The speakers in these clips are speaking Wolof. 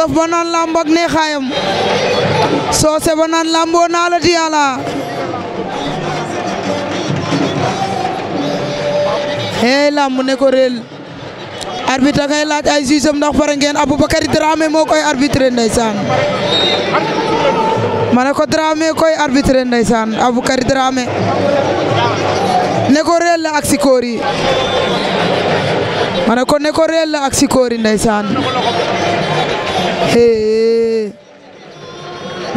olof ba naan làmb ak neexaayam soose ba naan làmboo naa la ti yàlla hey ne ko réel arbitre kay laaj ay siisam ndax pare ngeen Aboubacary Dramé moo koy arbitré ndeysaan ma ne ko Dramé koy arbitré ndeysaan Aboubacary Dramé ne ko réel la ak sikoori ma ne ko ne ko réel la ak sikoori ndeysaan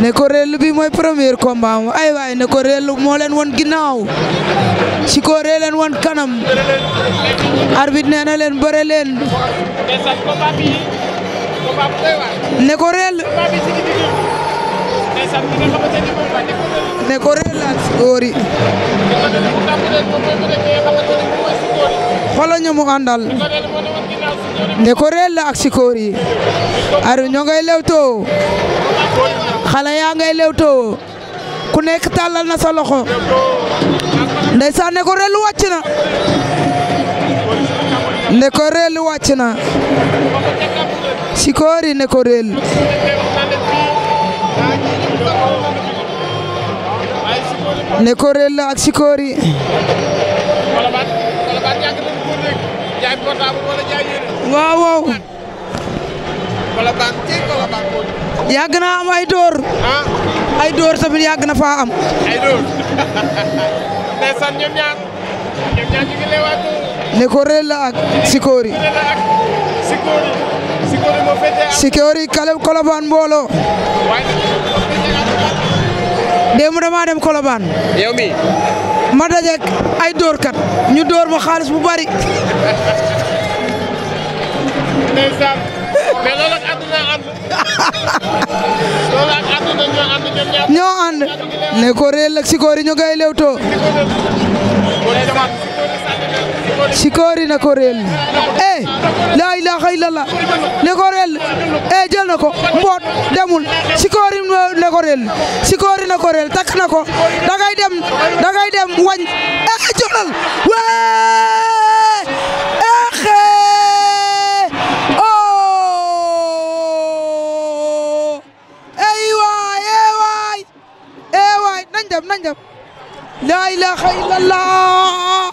ne ko reelu bi mooy premier combat am ay waay ne ko reelu moo leen won ginnaaw si ko ree leen won kanam arbitre nee na leen bëre leen ne ko reel ne ko reelaan si góor mu àndal ne ko reel la ak sikóor yi ari ñoo ngay lewtoo xale yaa ngay lewtoo ku nekk tàllal na sa loxo ndeysaan ne ko reel ne ko reel wàcc yi ne ko ne ko rel la ak sikoori waaw waaw yàgg na am ay door ay door tamit yàgg na fa am ay door ndeysaan ñoom ñaar ñoom ñaar ñu ngi leewaat ne ko rel la ak sikoori sikoori moo féete sikoori kale kolobaan mbooloo démb damaa dem Colobane. yow ma dajeeg ay dóorkat ñu dóor ma xaalis bu bari. ndeysaan ñoo ànd ne ko réel ak sikoori ñu ngay lewtoo. Sikori na ko réel eh la ilaha illallah ne ko réel eh jël na ko mboot demul Sikori ne ko réel Sikori na ko réel takk na ko dangay dem dangay dem wañ eh jolal eh, eh! oh! eh, nañ dem nañ dem la ilaha illallah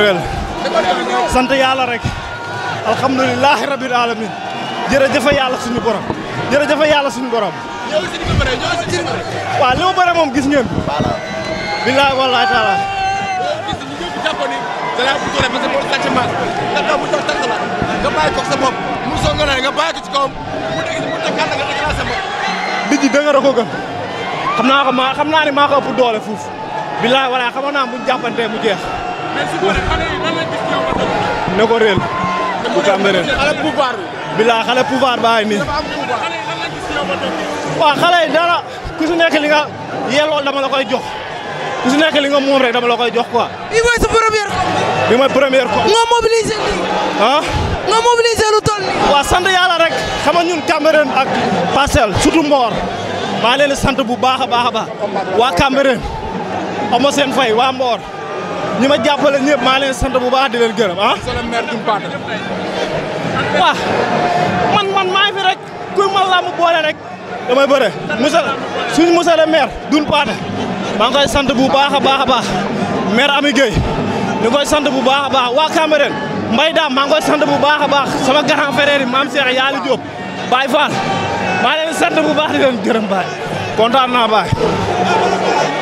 Koreël sant yàlla rek alhamdulilahi rabil alamin jërëjëf yàlla suñu borom jërëjëf yàlla suñu borom waaw li ma bëre moom gis ngeen billahi wallahi taala dala bu doole parce que moom laajte maas nga daw mu jox tànk nga bàyyi ko bopp mu songo na nga bàyyi ko ci kawam mu dégg mu teg nga dégg sa bopp. nit yi dëgg xam naa ko maa xam naa ne maa ko ëpp doole fuuf bilaay walaay xamoon naa bu ñu mu jeex. ne ko réel. bu Cambérène xale xale pouvoir baa ngi nii. xale yi dara li nga yelloo dama la koy jox ku li nga moom rek dama la koy jox quoi. bii mooy sa première combat. bii mooy première combat. nga mobilisé lu toll nii. waaw sant yàlla rek xam nga ak Parcelles surtout Mbor maa leen sant bu baax a baax a baax waa Cambérène amoo seen fay waa Mbor. ñi ma jàppale ñëpp maa leen sant bu baax di leen gërëm ah. monsieur le maire d'une part. man man maa fi rek kuy ma làmb boole rek damay bëre monsieur suñu monsieur le maire d'une part maa ngi koy sant bu baax a baax a baax maire Ami Gueye ñu koy sant bu baax a baax waa Cambérène Mbaye Dame maa ngi koy sant bu baax a baax sama grand frère yi maam Cheikh Yaali Diop Baye Fall maa leen bu baax di leen gërëm baay kontaan naa baay.